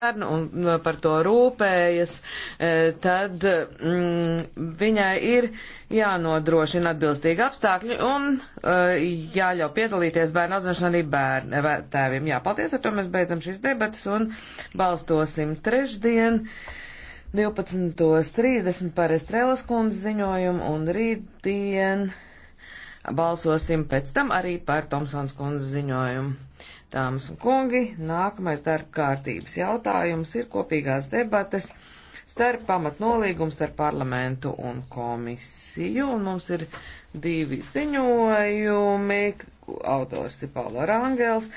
un nu, par to rūpējas, e, tad mm, viņai ir jānodrošina atbilstīgi apstākļi un e, jāļauj piedalīties bērnu audzināšanā arī bērnu e, tēviem. Jā, paldies, ar to mēs beidzam šīs debatas un balstosim trešdien 12.30 par Estrēlas kundzes ziņojumu un rītdien balsosim pēc tam arī par Tomsons kundzes ziņojumu. Dāmas un kungi, nākamais darba kārtības jautājums ir kopīgās debates starp pamatnolīgumu starp parlamentu un komisiju. Un mums ir divi ziņojumi, autors ir Paulo Rangels.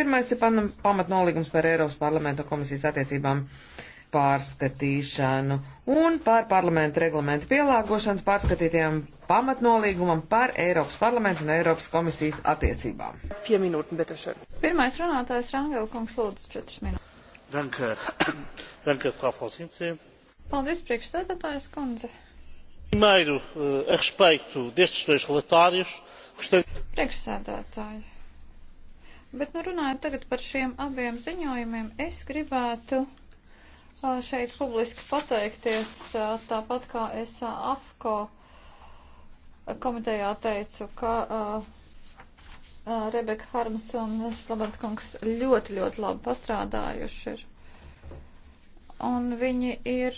Pirmais ir pamatnolīgums par Eiropas parlamentu un komisijas attiecībām. Uh, pārskatīšanu un par parlamentu reglamentu pielāgošanas pārskatītiem pamatnolīgumam par Eiropas parlamentu un Eiropas komisijas attiecībām. Minūten, Pirmais runātājs Rangela kungs lūdzu 4 minūtes. Danke, danke, Frau Vorsitzende. Paldies, priekšsēdētājs kundze. Primeiro, uh, a respeito destes dois relatórios, gostaria. Priekšsēdētāji. Bet nu runājot tagad par šiem abiem ziņojumiem, es gribētu šeit publiski pateikties, tāpat kā es AFCO komitejā teicu, ka Rebeka Harms un Slabans kungs ļoti, ļoti labi pastrādājuši ir. Un viņi ir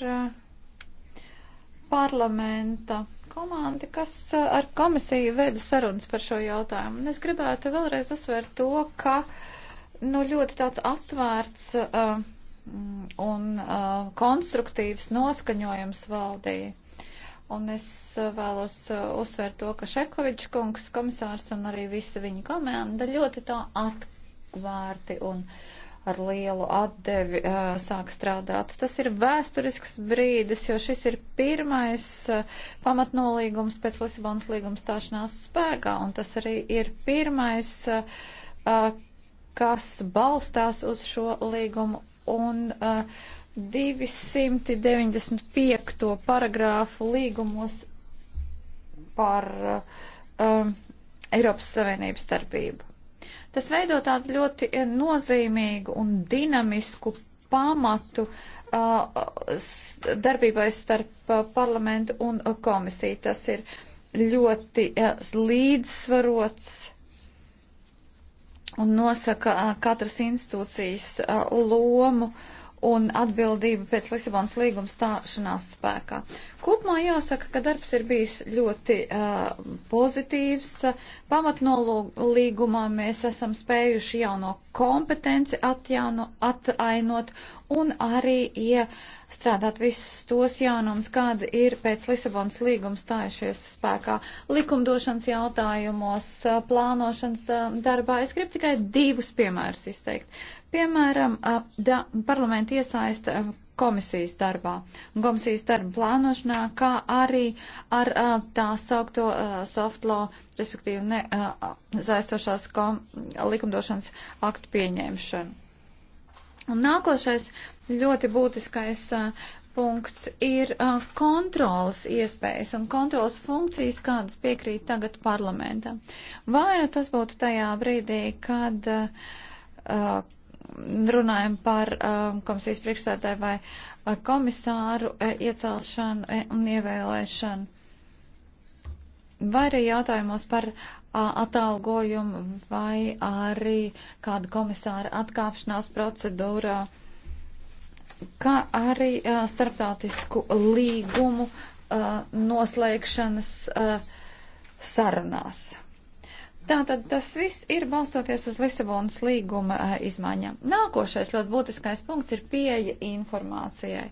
parlamenta komandi, kas ar komisiju veida sarunas par šo jautājumu. Un es gribētu vēlreiz uzsvērt to, ka nu, ļoti tāds atvērts uh, Mm, un uh, konstruktīvs noskaņojums valdīja. Un es uh, vēlos uh, uzsvērt to, ka Šekovičs kungs, komisārs un arī visa viņa komanda ļoti tā atklāti un ar lielu atdevi uh, sāk strādāt. Tas ir vēsturisks brīdis, jo šis ir pirmais uh, pamatnolīgums pēc Lisabonas līguma stāšanās spēkā, un tas arī ir pirmais, uh, uh kas balstās uz šo līgumu un uh, 295. paragrāfu līgumos par uh, um, Eiropas Savienības darbību. Tas veido tādu ļoti nozīmīgu un dinamisku pamatu uh, darbībai starp uh, parlamentu un uh, komisiju. Tas ir ļoti uh, līdzsvarots un nosaka katras institūcijas lomu un atbildību pēc Lisabonas līguma stāšanās spēkā. Kopumā jāsaka, ka darbs ir bijis ļoti uh, pozitīvs. Pamatnolīgumā mēs esam spējuši jauno kompetenci atjauno, atainot un arī iestrādāt visus tos jaunums, kāda ir pēc Lisabonas līguma stājušies spēkā likumdošanas jautājumos, uh, plānošanas um, darbā. Es gribu tikai divus piemērus izteikt. Piemēram, uh, da, parlamenta iesaista komisijas darbā, komisijas darba plānošanā, kā arī ar uh, tā saukto uh, soft law, respektīvi ne, uh, zaistošās kom, likumdošanas aktu pieņemšanu. Un nākošais ļoti būtiskais uh, punkts ir uh, kontrolas iespējas un kontrolas funkcijas, kādas piekrīt tagad parlamentam. Vai nu tas būtu tajā brīdī, kad uh, runājam par um, komisijas priekšstādāju vai uh, komisāru e, iecelšanu e, un ievēlēšanu. Vai arī jautājumos par uh, atalgojumu vai arī kādu komisāru atkāpšanās procedūrā, kā arī uh, starptautisku līgumu noslēgšanas sarunās. Tātad tas viss ir balstoties uz Lisabonas līguma eh, izmaiņām. Nākošais ļoti būtiskais punkts ir pieeja informācijai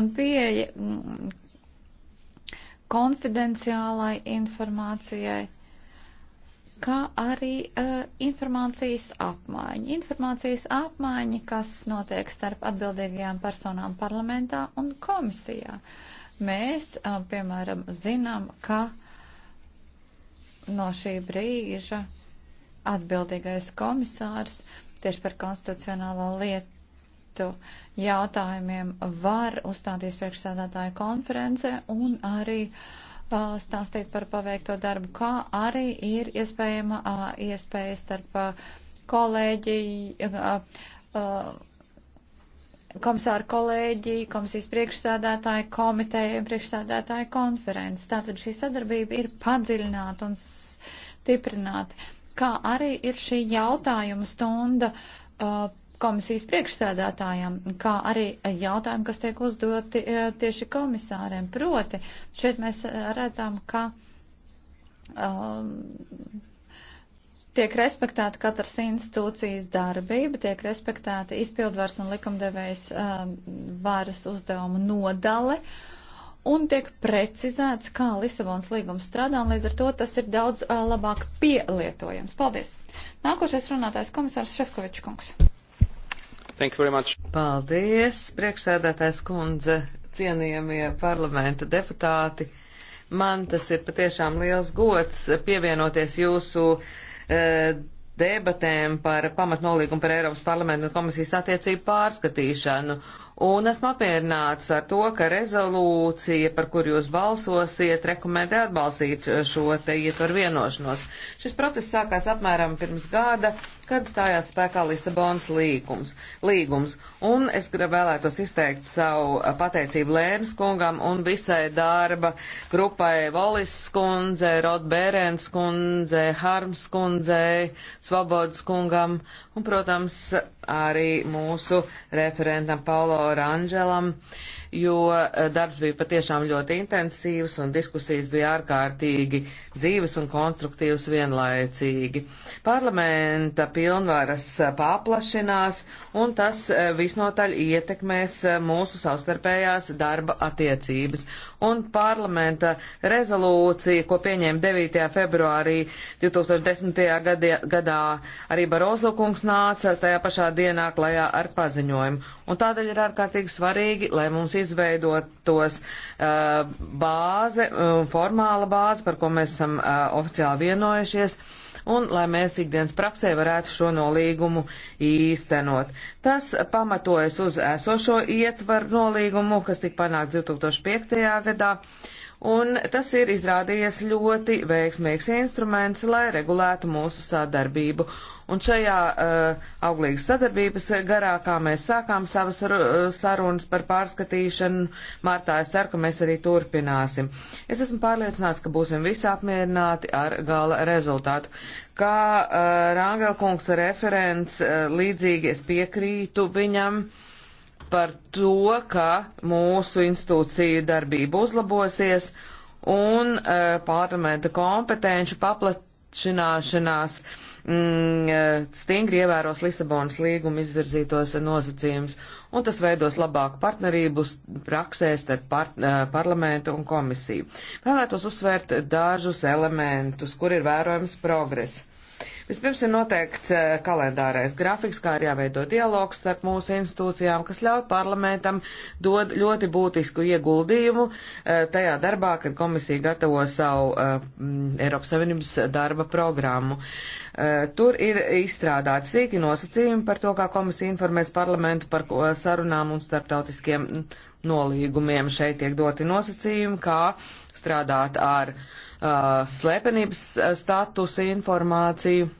un pieeja mm, konfidenciālai informācijai, kā arī uh, informācijas apmaiņa. Informācijas apmaiņa, kas notiek starp atbildīgajām personām parlamentā un komisijā. Mēs, uh, piemēram, zinām, ka uh, no šī brīža atbildīgais komisārs tieši par konstitucionālo lietu jautājumiem var uzstāties priekšsēdētāju konferencē un arī uh, stāstīt par paveikto darbu, kā arī ir iespējama uh, iespēja starp uh, kolēģi. Uh, uh, komisāra kolēģi, komisijas priekšsādātāji, komiteja priekšsādātāji konferences. Tātad šī sadarbība ir padziļināta un stiprināta, kā arī ir šī jautājuma stunda uh, komisijas priekšsēdētājām, kā arī jautājumi, kas tiek uzdoti uh, tieši komisāriem. Proti, šeit mēs uh, redzam, ka. Um, uh, tiek respektēta katras institūcijas darbība, tiek respektēta izpildvars un likumdevējs uh, varas uzdevuma nodale. Un tiek precizēts, kā Lisabons līgums strādā, un līdz ar to tas ir daudz uh, labāk pielietojams. Paldies! Nākošais runātājs komisārs Šefkovičs kungs. Paldies, priekšsēdētājs kundze, cienījamie parlamenta deputāti. Man tas ir patiešām liels gods pievienoties jūsu uh, E, debatēm par pamatnolīgumu par Eiropas parlamentu un komisijas attiecību pārskatīšanu Un esmu apmierināts ar to, ka rezolūcija, par kur jūs balsosiet, rekomendē atbalstīt šo te ietvaru vienošanos. Šis process sākās apmēram pirms gada, kad stājās spēkā Lisabonas līgums. līgums. Un es vēlētos izteikt savu uh, pateicību Lēnas kungam un visai darba grupai Volis skundze, Rod Bērens skundze, Harms skundze, Svobodas kungam un, protams, arī mūsu referentam Paulo Rangelam, jo eh, darbs bija patiešām ļoti intensīvs un diskusijas bija ārkārtīgi dzīves un konstruktīvas vienlaicīgi. Parlamenta pilnvaras eh, paplašinās un tas eh, visnotaļ ietekmēs mūsu savstarpējās darba attiecības. Un parlamenta rezolūcija, ko pieņēma 9. februārī 2010. Gadie, gadā, arī Barozo kungs nāca tajā pašā dienā klajā ar paziņojumu. Un tādēļ ir ārkārtīgi svarīgi, lai mums izveidotos uh, bāze, uh, formāla bāze, par ko mēs esam uh, oficiāli vienojušies, un lai mēs ikdienas praksē varētu šo nolīgumu īstenot. Tas pamatojas uz esošo ietvaru nolīgumu, kas tika panākts 2005. gadā. Uh, un tas ir izrādījies ļoti veiksmīgs instruments, lai regulētu mūsu sadarbību. Un šajā uh, auglīgas sadarbības garā, kā mēs sākām savas uh, sarunas par pārskatīšanu, martā es ceru, ka mēs arī turpināsim. Es esmu pārliecināts, ka būsim visi apmierināti ar gala rezultātu. Kā uh, Rāngel kungs referents, uh, līdzīgi es piekrītu viņam. Uh, par to, ka mūsu institūcija darbība uzlabosies un uh, parlamenta kompetenci paplašināšanās mm, e, stingri ievēros Lisabonas līguma izvirzītos nosacījumus, un tas veidos labāku partnerību praksēs starp par, uh, parlamentu un komisiju. Vēlētos uzsvērt dažus elementus, kur ir vērojams progress. Vispirms ir noteikts eh, kalendārais grafiks, kā arī jāveido dialogs starp mūsu institūcijām, kas ļauj parlamentam dod ļoti būtisku ieguldījumu eh, tajā darbā, kad komisija gatavo savu eh, mm, Eiropas Savienības darba programmu. Tur ir izstrādāti sīki nosacījumi par to, kā komisija informēs parlamentu par sarunām un starptautiskiem mm, nolīgumiem. Šeit tiek doti nosacījumi, kā strādāt ar uh, slēpenības statusa informāciju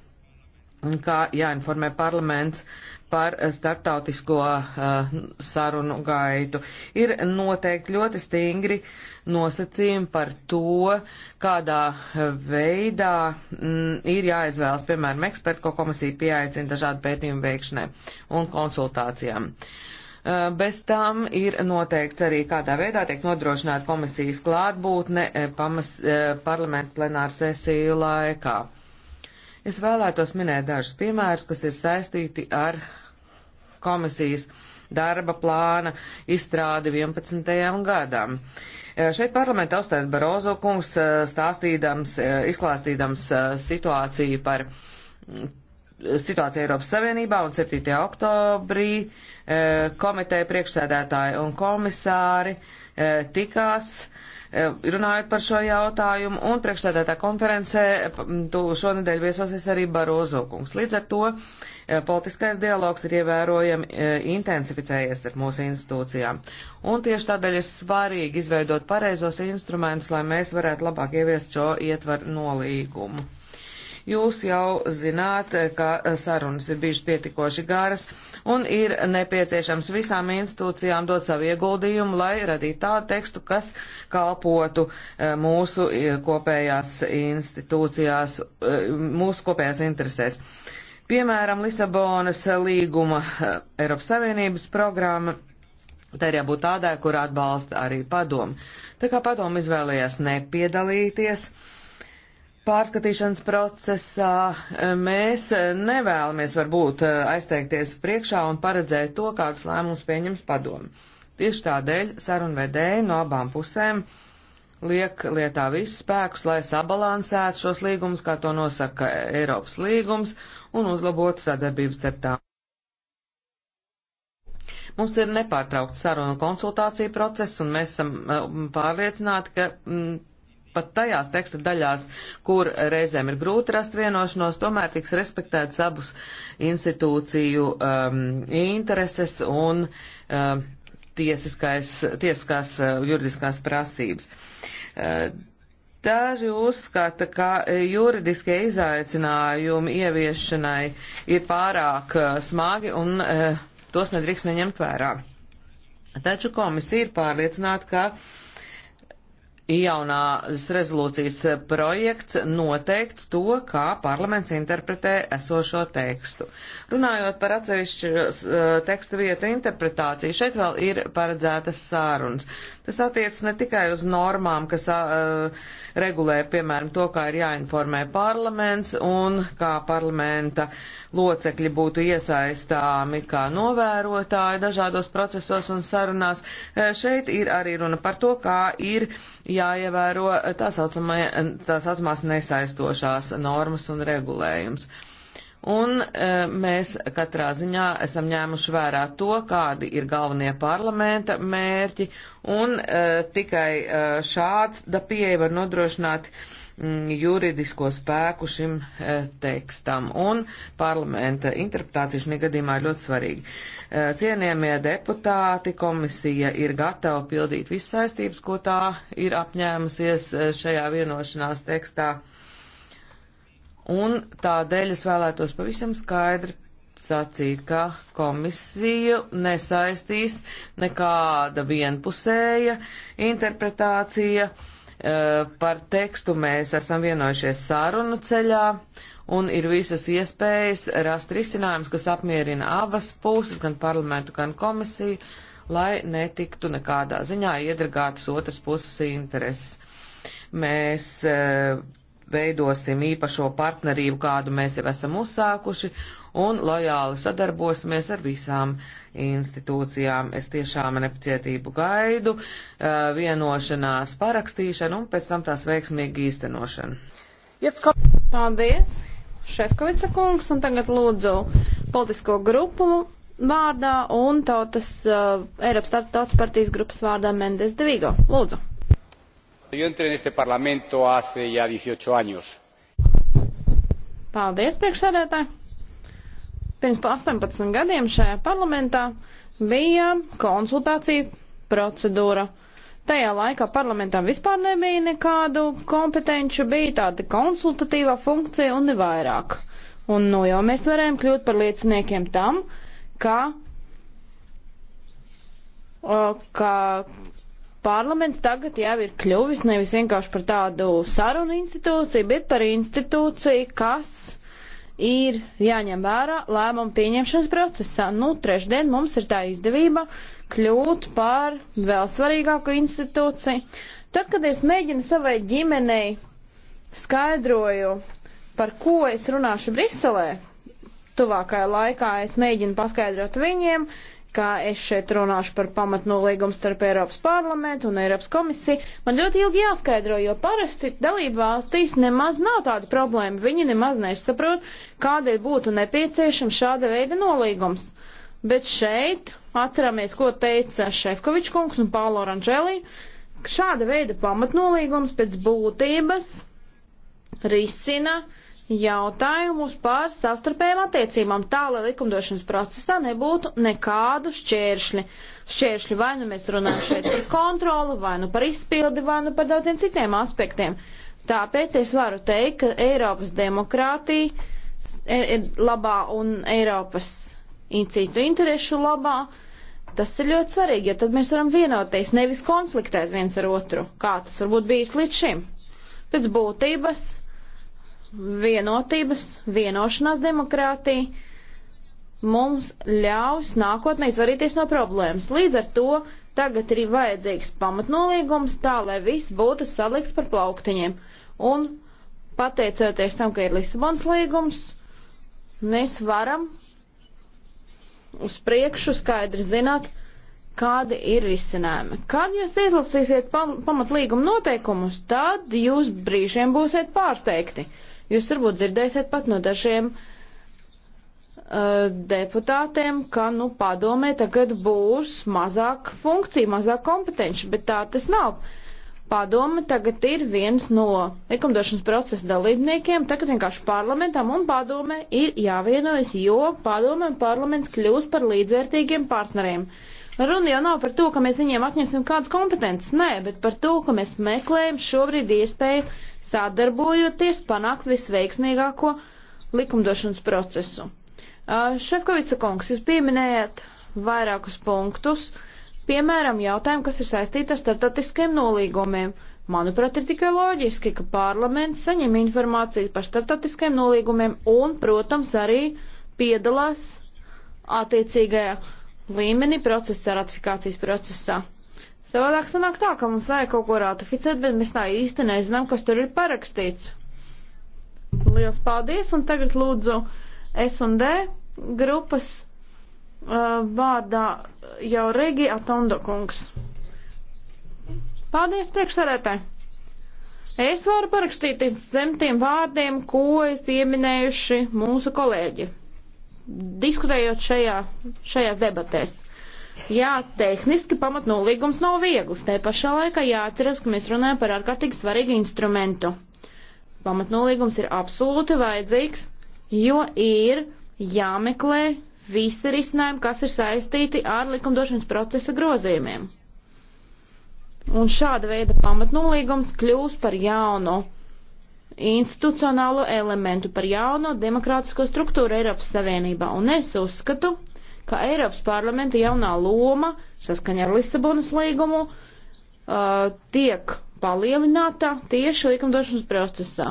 un kā jāinformē parlaments par starptautisko uh, sarunu gaitu. Ir noteikti ļoti stingri nosacījumi par to, kādā veidā mm, ir jāizvēlas, piemēram, eksperti, ko komisija pieaicina dažādu pētījumu veikšanai un konsultācijām. Uh, bez tam ir noteikts arī, kādā veidā tiek nodrošināta komisijas klātbūtne eh, pamas, uh, parlamentu plenāru sesiju laikā. Es vēlētos minēt dažus piemērus, kas ir saistīti ar komisijas darba plāna izstrādi 11. gadam. E, šeit parlamentā uzstājas Barozo kungs, e, stāstīdams, e, izklāstīdams situāciju par situāciju Eiropas Savienībā un 7. oktobrī komiteja priekšsēdētāji un komisāri tikās Eh, runājot par šo jautājumu, un priekšstādētā konferencē mm, tu šonadēļ viesosies arī Barozo kungs. Līdz ar to eh, politiskais dialogs ir ievērojami eh, intensificējies ar mūsu institūcijām. Un tieši tādēļ ir svarīgi izveidot pareizos instrumentus, lai mēs varētu labāk ieviest šo ietvaru nolīgumu. Jūs jau zināt, ka sarunas ir bijušas pietikoši garas un ir nepieciešams visām institūcijām dot savu ieguldījumu, lai radītu tādu tekstu, kas kalpotu e, mūsu e, kopējās institūcijās, e, mūsu kopējās interesēs. Piemēram, Lisabonas līguma Eiropas Savienības programma Tā ir jābūt tādai, kur atbalsta arī padomu. Tā kā padomu izvēlējās nepiedalīties, uh, pārskatīšanas procesā e, mēs nevēlamies varbūt e, aizteikties priekšā un paredzēt to, kādus lēmumus pieņems padomu. Tieši tādēļ sarunvedēji no abām pusēm liek lietā visus spēkus, lai sabalansētu šos līgumus, kā to nosaka Eiropas līgums, un uzlabotu sadarbības starp tām. Mums ir nepārtraukts sarunu konsultāciju process, un mēs esam e, pārliecināti, ka mm, pat tajās teksta daļās, kur reizēm ir grūti rast vienošanos, tomēr tiks respektētas abus institūciju um, intereses un um, tiesiskās, tiesiskās uh, juridiskās prasības. Uh, Daži uzskata, ka juridiskie izaicinājumi ieviešanai ir pārāk uh, smagi un uh, tos nedrīkst neņemt vērā. Taču komisija ir pārliecināta, ka jaunās rezolūcijas projekts noteikts to, kā parlaments interpretē esošo tekstu. Runājot par atsevišķu e, teksta vietu interpretāciju, šeit vēl ir paredzētas sārunas. Tas attiec ne tikai uz normām, kas. Uh, regulē, piemēram, to, kā ir jāinformē parlaments un kā parlamenta locekļi būtu iesaistāmi kā novērotāji dažādos procesos un sarunās. E, šeit ir arī runa par to, kā ir jāievēro tā, saucamā, tā saucamās nesaistošās normas un regulējums. Un e, mēs katrā ziņā esam ņēmuši vērā to, kādi ir galvenie parlamenta mērķi, un e, tikai e, šāds da pieeja var nodrošināt mm, juridisko spēku šim tekstam, un parlamenta interpretācija šajā gadījumā ir ļoti svarīga. Cienījamie deputāti, komisija ir gatava pildīt visas saistības, ko tā ir apņēmusies šajā vienošanās tekstā Un tādēļ es vēlētos pavisam skaidri sacīt, ka komisiju nesaistīs nekāda vienpusēja interpretācija eh, par tekstu. Mēs esam vienojušies sārunu ceļā un ir visas iespējas rast risinājums, kas apmierina abas puses, gan parlamentu, gan komisiju, lai netiktu nekādā ziņā iedragātas otras puses intereses. Mēs eh, veidosim īpašo partnerību, kādu mēs jau esam uzsākuši, un lojāli sadarbosimies ar visām institūcijām. Es tiešām nepacietību gaidu eh, vienošanās parakstīšanu un pēc tam tās veiksmīgi īstenošanu. Paldies, Šefkovica kungs, un tagad lūdzu politisko grupu vārdā un tautas, uh, Eiropas tautas partijas grupas vārdā Mendes Devigo. Lūdzu. Yo entré en este parlamento hace ya 18 años. Paldies, priekšsēdētāji! Pirms 18 gadiem šajā parlamentā bija konsultācija procedūra. Tajā laikā parlamentā vispār nebija nekādu kompetenču, bija tāda konsultatīvā funkcija un nevairāk. Un nu jau mēs varējām kļūt par lieciniekiem tam, ka, ka parlaments tagad jau ir kļuvis nevis vienkārši par tādu sarunu institūciju, bet par institūciju, kas ir jāņem vērā lēmumu pieņemšanas procesā. Nu, trešdien mums ir tā izdevība kļūt par vēl svarīgāku institūciju. Tad, kad es mēģinu savai ģimenei skaidroju, par ko es runāšu Briselē, tuvākajā laikā es mēģinu paskaidrot viņiem, ka es šeit runāšu par pamatnolīgumu starp Eiropas parlamentu un Eiropas komisiju. Man ļoti ilgi jāskaidro, jo parasti dalībvalstīs nemaz nav tāda problēma. Viņi nemaz nesaprot, kādēļ būtu nepieciešams šāda veida nolīgums. Bet šeit atceramies, ko teica Šefkovičs kungs un Paulo Ranželī. Šāda veida pamatnolīgums pēc būtības risina uh, jautājumus par savstarpējām attiecībām, tā lai likumdošanas procesā nebūtu nekādu šķēršļi. Šķēršļi vai nu mēs runājam šeit par kontroli, vai nu par izpildi, vai nu par daudziem citiem aspektiem. Tāpēc es varu teikt, ka Eiropas demokrātija ir labā un Eiropas citu interešu labā. Tas ir ļoti svarīgi, jo tad mēs varam vienoties, nevis konfliktēt viens ar otru, kā tas varbūt bijis līdz šim. Pēc būtības vienotības, vienošanās demokrātija mums ļaus nākotnē izvarīties no problēmas. Līdz ar to tagad ir vajadzīgs pamatnolīgums tā, lai viss būtu salikts par plauktiņiem. Un pateicoties tam, ka ir Lisabons līgums, mēs varam uz priekšu skaidri zināt, kādi ir risinājumi. Kad jūs izlasīsiet pamatlīguma noteikumus, tad jūs brīžiem būsiet pārsteigti. Jūs varbūt dzirdēsiet pat no dažiem uh, deputātiem, ka, nu, padomē tagad būs mazāk funkcija, mazāk kompetenci, bet tā tas nav. Padome tagad ir viens no likumdošanas procesa dalībniekiem, tagad vienkārši parlamentam un padome ir jāvienojas, jo padome un parlaments kļūs par līdzvērtīgiem partneriem. Runa jau nav par to, ka mēs viņiem atņemsim kādas kompetences, nē, bet par to, ka mēs meklējam šobrīd iespēju sadarbojoties panākt visveiksmīgāko likumdošanas procesu. Uh, Šefkovica kungs, jūs pieminējat vairākus punktus, piemēram, jautājumu, kas ir saistīti ar starptautiskiem nolīgumiem. Manuprāt, ir tikai loģiski, ka parlaments saņem informāciju par starptautiskiem nolīgumiem un, protams, arī piedalās attiecīgajā līmenī procesa ratifikācijas procesā. Savādāk sanāk tā, ka mums vajag kaut ko ratificēt, bet mēs tā īsti nezinām, kas tur ir parakstīts. Liels paldies, un tagad lūdzu S&D grupas uh, vārdā jau Regi Atondo kungs. Paldies, priekšsarētāji! Es varu parakstīties zem tiem vārdiem, ko ir pieminējuši mūsu kolēģi, diskutējot šajā, šajās debatēs. Jā, tehniski pamatnolīgums nav viegls. Te pašā laikā jāatceras, ka mēs runājam par ārkārtīgi svarīgu instrumentu. Pamatnolīgums ir absolūti vajadzīgs, jo ir jāmeklē visi risinājumi, kas ir saistīti ar likumdošanas procesa grozījumiem. Un šāda veida pamatnolīgums kļūs par jaunu institucionālo elementu, par jauno demokrātisko struktūru Eiropas Savienībā. Un es uzskatu, ka Eiropas parlamenta jaunā loma saskaņā ar Lisabonas līgumu uh, tiek palielināta tieši likumdošanas procesā.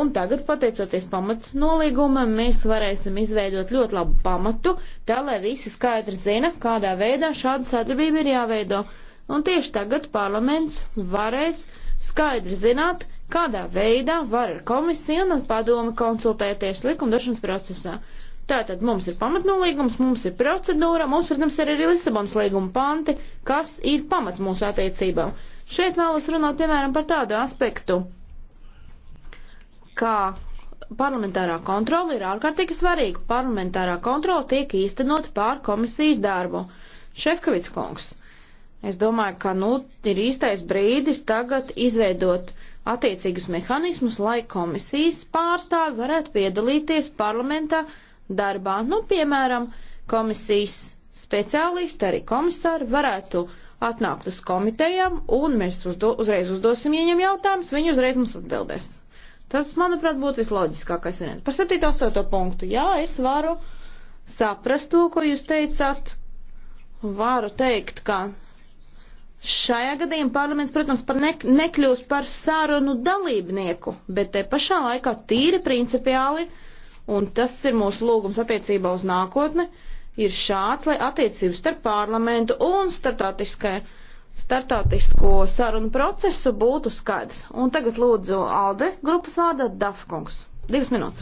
Un tagad, pateicoties pamats nolīgumam, mēs varēsim izveidot ļoti labu pamatu, tā lai visi skaidri zina, kādā veidā šāda sadarbība ir jāveido. Un tieši tagad parlaments varēs skaidri zināt, kādā veidā var ar komisiju un padomu konsultēties likumdošanas procesā. Tātad mums ir pamatnolīgums, mums ir procedūra, mums, protams, ir arī Lisabons līguma panti, kas ir pamats mūsu attiecībām. Šeit vēlos runāt, piemēram, par tādu aspektu, kā parlamentārā kontrola ir ārkārtīgi svarīga. Parlamentārā kontrola tiek īstenot pār komisijas darbu. Šefkavits kungs, es domāju, ka nu ir īstais brīdis tagad izveidot attiecīgus mehānismus, lai komisijas pārstāvi varētu piedalīties parlamentā darbā. Nu, piemēram, komisijas speciālisti, arī komisāri varētu atnākt uz komitejām, un mēs uzdo, uzreiz uzdosim viņiem jautājumus, viņi uzreiz mums atbildēs. Tas, manuprāt, būtu visloģiskākais variants. Par 7. 8. punktu. Jā, es varu saprast to, ko jūs teicāt. Varu teikt, ka šajā gadījumā parlaments, protams, par ne, nekļūs par sarunu dalībnieku, bet te pašā laikā tīri principiāli uh, un tas ir mūsu lūgums attiecībā uz nākotni, ir šāds, lai attiecības starp parlamentu un startautisko sarunu procesu būtu skaidrs. Un tagad lūdzu Alde grupas vārdā Dafkungs. Divas minūtes.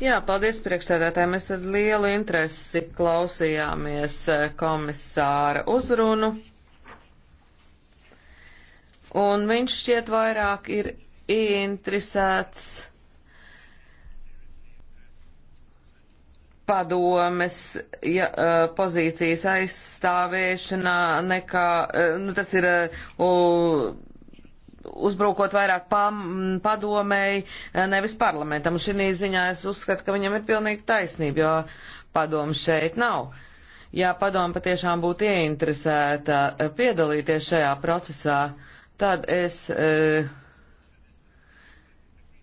Jā, paldies priekšsēdētāji. Mēs ar lielu interesi klausījāmies eh, komisāra uzrunu. Un viņš šķiet vairāk ir interesēts padomes ja, eh, pozīcijas aizstāvēšanā nekā, eh, nu tas ir eh, uzbrukot vairāk pam, padomēji, nevis parlamentam. Un šī ziņā es uzskatu, ka viņam ir pilnīgi taisnība, jo padomu šeit nav. Ja padomu patiešām būtu ieinteresēta piedalīties šajā procesā, tad es. Uh,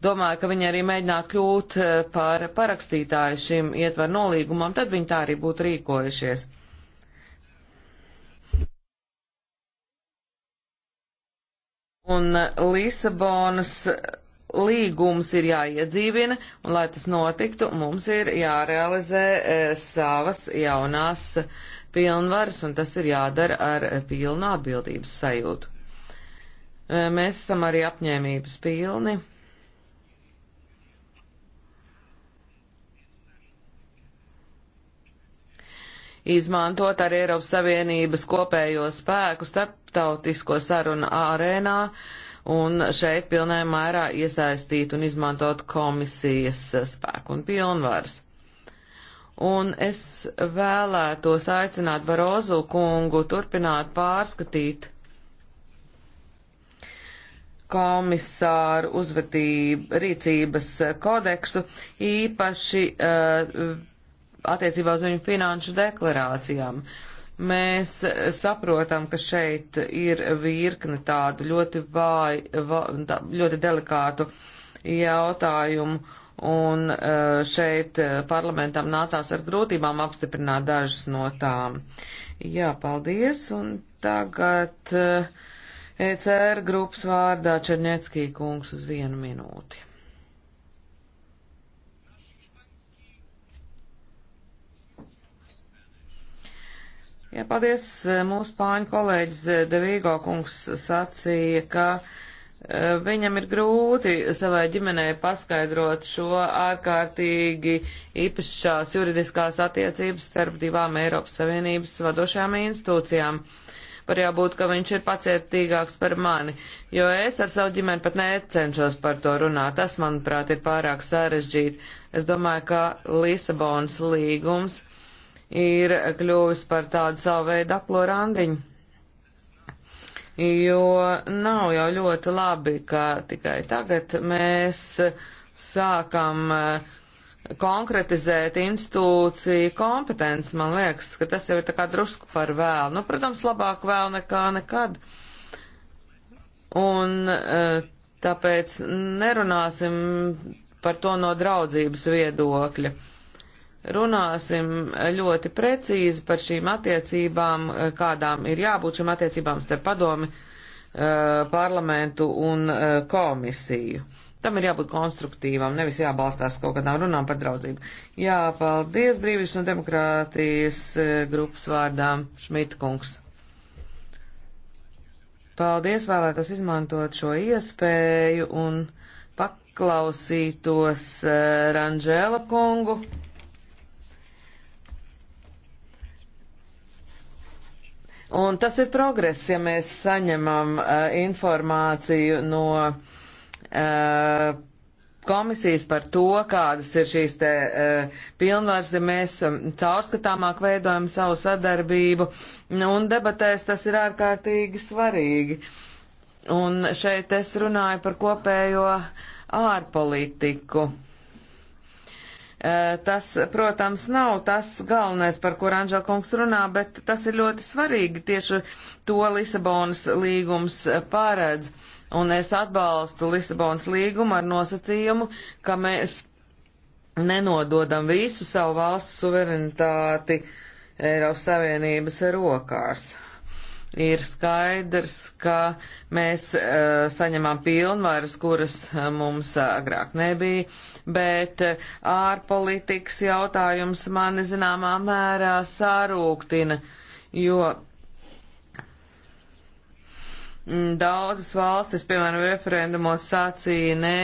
Domāju, ka viņi arī mēģinātu kļūt eh, par parakstītāju šim ietvaru nolīgumam, tad viņi tā arī būtu rīkojušies. Un eh, Lisabonas līgums ir jāiedzīvina, un lai tas notiktu, mums ir jārealizē e, savas jaunās pilnvaras, un tas ir jādara ar pilnu atbildības sajūtu. E, mēs esam arī apņēmības pilni izmantot arī Eiropas Savienības kopējo spēku starptautisko sarunu ārēnā un šeit pilnē mērā iesaistīt un izmantot komisijas spēku un pilnvaras. Un es vēlētos aicināt Barozu kungu turpināt pārskatīt komisāru uzvedību rīcības kodeksu, īpaši uh, attiecībā uz viņu finanšu deklarācijām. Mēs saprotam, ka šeit ir virkne tādu ļoti, vāj, va, ļoti delikātu jautājumu, un eh, šeit eh, parlamentam nācās ar grūtībām apstiprināt dažas no tām. Jā, paldies, un tagad ECR eh, e grupas vārdā Černieckī kungs uz vienu minūti. Jā, paldies. E, mūsu pāņu kolēģis e, Devīgo kungs sacīja, ka e, viņam ir grūti savai ģimenei paskaidrot šo ārkārtīgi īpašās juridiskās attiecības starp divām Eiropas Savienības vadošajām institūcijām. Par jābūt, ka viņš ir pacietīgāks par mani, jo es ar savu ģimeni pat necenšos par to runāt. Tas, manuprāt, ir pārāk sarežģīti. Es domāju, ka Lisabonas līgums ir kļuvis par tādu savu veidu aklo randiņu. Jo nav jau ļoti labi, ka tikai tagad mēs sākam eh, konkretizēt institūciju kompetenci. Man liekas, ka tas jau ir tā kā drusku par vēlu. Nu, protams, labāk vēl nekā nekad. Un eh, tāpēc nerunāsim par to no draudzības viedokļa runāsim ļoti precīzi par šīm attiecībām, kādām ir jābūt šīm attiecībām starp padomi, eh, parlamentu un eh, komisiju. Tam ir jābūt konstruktīvam, nevis jābalstās kaut kādām runām par draudzību. Jā, paldies brīvības un demokrātijas eh, grupas vārdām Šmitkungs. Paldies, vēlētos izmantot šo iespēju un paklausītos Ranžēla kungu. Un tas ir progress, ja mēs saņemam uh, informāciju no uh, komisijas par to, kādas ir šīs te uh, pilnvaras, ja mēs um, caurskatāmāk veidojam savu sadarbību, nu, un debatēs tas ir ārkārtīgi svarīgi. Un šeit es runāju par kopējo ārpolitiku. Uh, Tas, protams, nav tas galvenais, par kur Anžela kungs runā, bet tas ir ļoti svarīgi. Tieši to Lisabonas līgums paredz. Un es atbalstu Lisabonas līgumu ar nosacījumu, ka mēs nenododam visu savu valstu suverenitāti Eiropas Savienības rokās ir skaidrs, ka mēs uh, saņemam pilnvaras, kuras uh, mums uh, agrāk nebija, bet uh, ārpolitikas jautājums mani zināmā mērā sārūktina, jo daudzas valstis, piemēram, referendumos sacīja nē,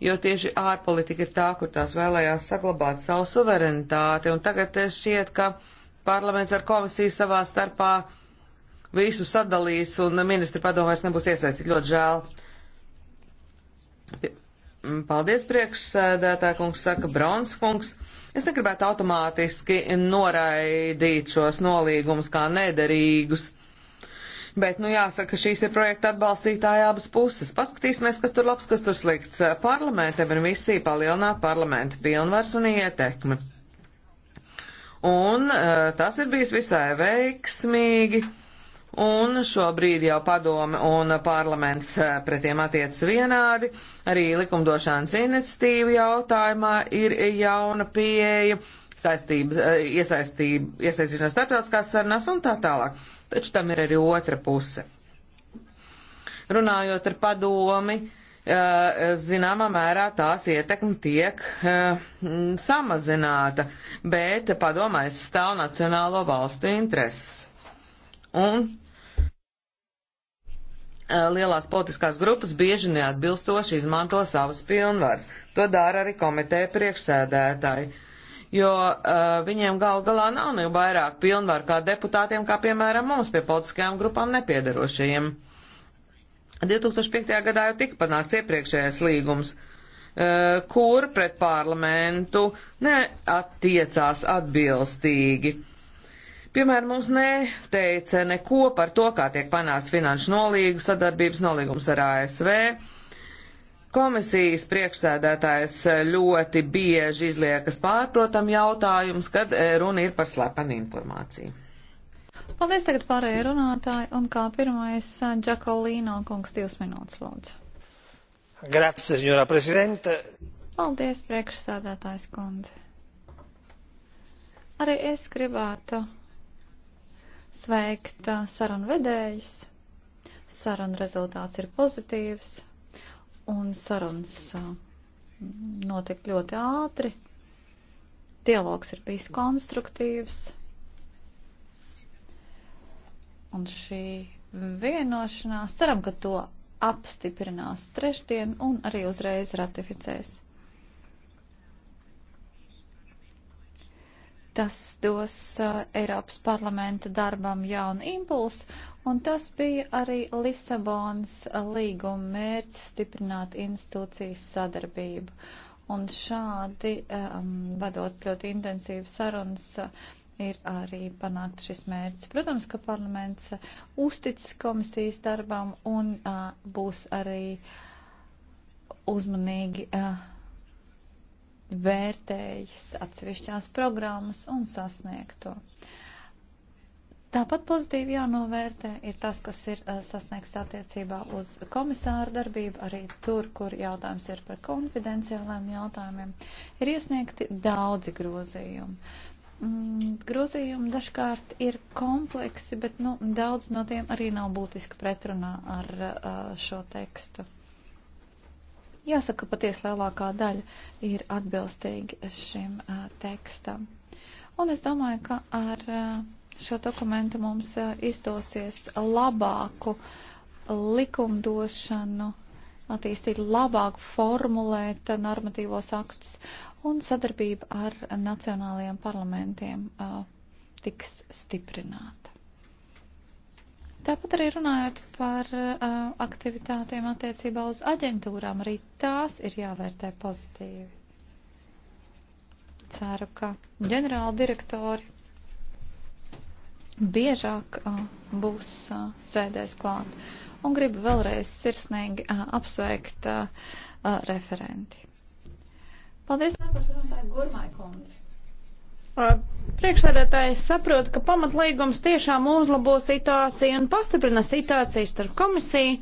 jo tieši ārpolitika ir tā, kur tās vēlējās saglabāt savu suverenitāti. Un tagad šķiet, ka parlaments ar komisiju savā starpā visu sadalīs un ministri padomēs nebūs iesaistīti. Ļoti žēl. Paldies, priekšsēdētā kungs, saka Brons kungs. Es negribētu automātiski noraidīt šos nolīgumus kā nederīgus. Bet, nu, jāsaka, šīs ir projekta atbalstītāja abas puses. Paskatīsimies, kas tur labs, kas tur slikts. Parlamentam ir misija palielināt parlamenta pilnvars un ietekmi. Un uh, tas ir bijis visai veiksmīgi. Un šobrīd jau padome un parlaments eh, pret tiem attiec vienādi. Arī likumdošanas iniciatīva jautājumā ir jauna pieeja, saistība, eh, iesaistība, iesaistīšanās starptautiskās sarunās un tā tālāk. Taču tam ir arī otra puse. Runājot ar padomi, eh, zināmā mērā tās ietekme tiek samazināta, bet padomais stāv nacionālo valstu intereses un e, lielās politiskās grupas bieži neatbilstoši izmanto savas pilnvaras. To dara arī komiteja priekšsēdētāji, jo uh, viņiem gal galā nav nu vairāk pilnvaru kā deputātiem, kā piemēram mums pie politiskajām grupām nepiedarošajiem. 2005. gadā jau tika panākts iepriekšējais līgums, uh, kur pret parlamentu neattiecās atbilstīgi. Piemēram, mums neteica neko par to, kā tiek panāks finanšu nolīgu, sadarbības nolīgums ar ASV. Komisijas priekšsēdētājs ļoti bieži izliekas pārprotam jautājums, kad eh, runa ir par slepenu informāciju. Paldies tagad pārējai runātāji un kā pirmais Džakolīno eh, kungs divas minūtes lūdzu. Grazie, signora Presidente. Paldies, priekšsēdētājs kundze. Arī es gribētu sveikt sarunu vedējus. Sarunu rezultāts ir pozitīvs un sarunas notiek ļoti ātri. Dialogs ir bijis konstruktīvs. Un šī vienošanās, ceram, ka to apstiprinās trešdien un arī uzreiz ratificēs. Tas dos uh, Eiropas parlamenta darbam jaunu impulsu, un tas bija arī Lisabonas uh, līguma mērķis stiprināt institūcijas sadarbību. Un šādi, um, vadot ļoti intensīvu sarunas, uh, ir arī panākt šis mērķis. Protams, ka parlaments uh, uzticis komisijas darbam un uh, būs arī uzmanīgi. Uh, vērtējis atsevišķās programmas un sasniegto. Tāpat pozitīvi jānovērtē ir tas, kas ir eh, sasniegts attiecībā uz komisāru darbību, arī tur, kur jautājums ir par konfidenciālām jautājumiem, ir iesniegti daudzi grozījumi. Mm, grozījumi dažkārt ir kompleksi, bet nu, daudz no tiem arī nav būtiski pretrunā ar eh, šo tekstu. Jāsaka, patiesi lielākā daļa ir atbilstīgi šim uh, tekstam. Un es domāju, ka ar uh, šo dokumentu mums uh, izdosies labāku likumdošanu attīstīt labāk formulēt normatīvos aktus un sadarbība ar nacionālajiem parlamentiem uh, tiks stiprināta. Tāpat arī runājot par uh, aktivitātēm attiecībā uz aģentūrām, arī tās ir jāvērtē pozitīvi. Ceru, ka ģenerāla direktori biežāk uh, būs uh, sēdēs klāt. Un gribu vēlreiz sirsnīgi uh, apsveikt uh, uh, referenti. Paldies, nākošais runātāji Gurmai kundze. Priekšsēdētājs saprot, ka pamatlīgums tiešām uzlabo situāciju un pastiprina situāciju starp komisiju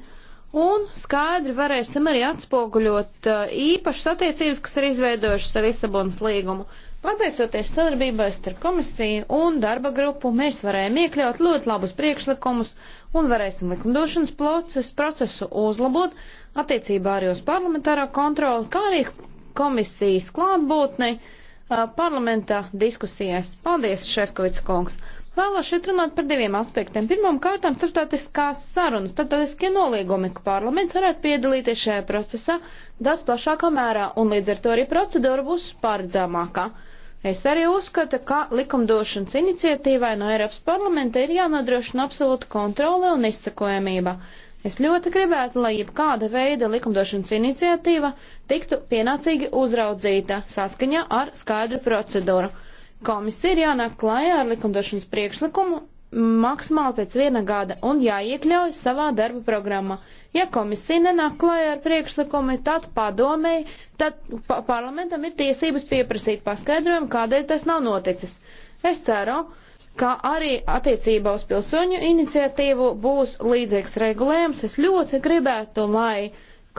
un skaidri varēsim arī atspoguļot īpašas attiecības, kas ir izveidojušas ar Lisabonas līgumu. Pateicoties sadarbībai starp komisiju un darba grupu, mēs varējām iekļaut ļoti labus priekšlikumus un varēsim likumdošanas procesu, procesu uzlabot attiecībā arī uz parlamentārā kontroli, kā arī komisijas klātbūtni. Uh, Uh, parlamentā diskusijās. Paldies, Šefkovits kungs! Vēlos šeit runāt par diviem aspektiem. Pirmām kārtām starptautiskās sarunas, starptautiskie nolīgumi, ka parlaments varētu piedalīties šajā procesā daudz plašākā mērā, un līdz ar to arī procedūra būs paredzamākā. Es arī uzskatu, ka likumdošanas iniciatīvai no Eiropas parlamenta ir jānodrošina absolūta kontrole un izsakojamība. Es ļoti gribētu, lai jebkāda veida likumdošanas iniciatīva tiktu pienācīgi uzraudzīta saskaņā ar skaidru procedūru. Komisija ir jānāk klājā ar likumdošanas priekšlikumu maksimāli pēc viena gada un jāiekļauj savā darba programmā. Ja komisija nenāk klājā ar priekšlikumu, tad padomēji, tad pa parlamentam ir tiesības pieprasīt paskaidrojumu, kādēļ tas nav noticis. Es ceru, uh, ka arī attiecībā uz pilsoņu iniciatīvu būs līdzīgs regulējums. Es ļoti gribētu, lai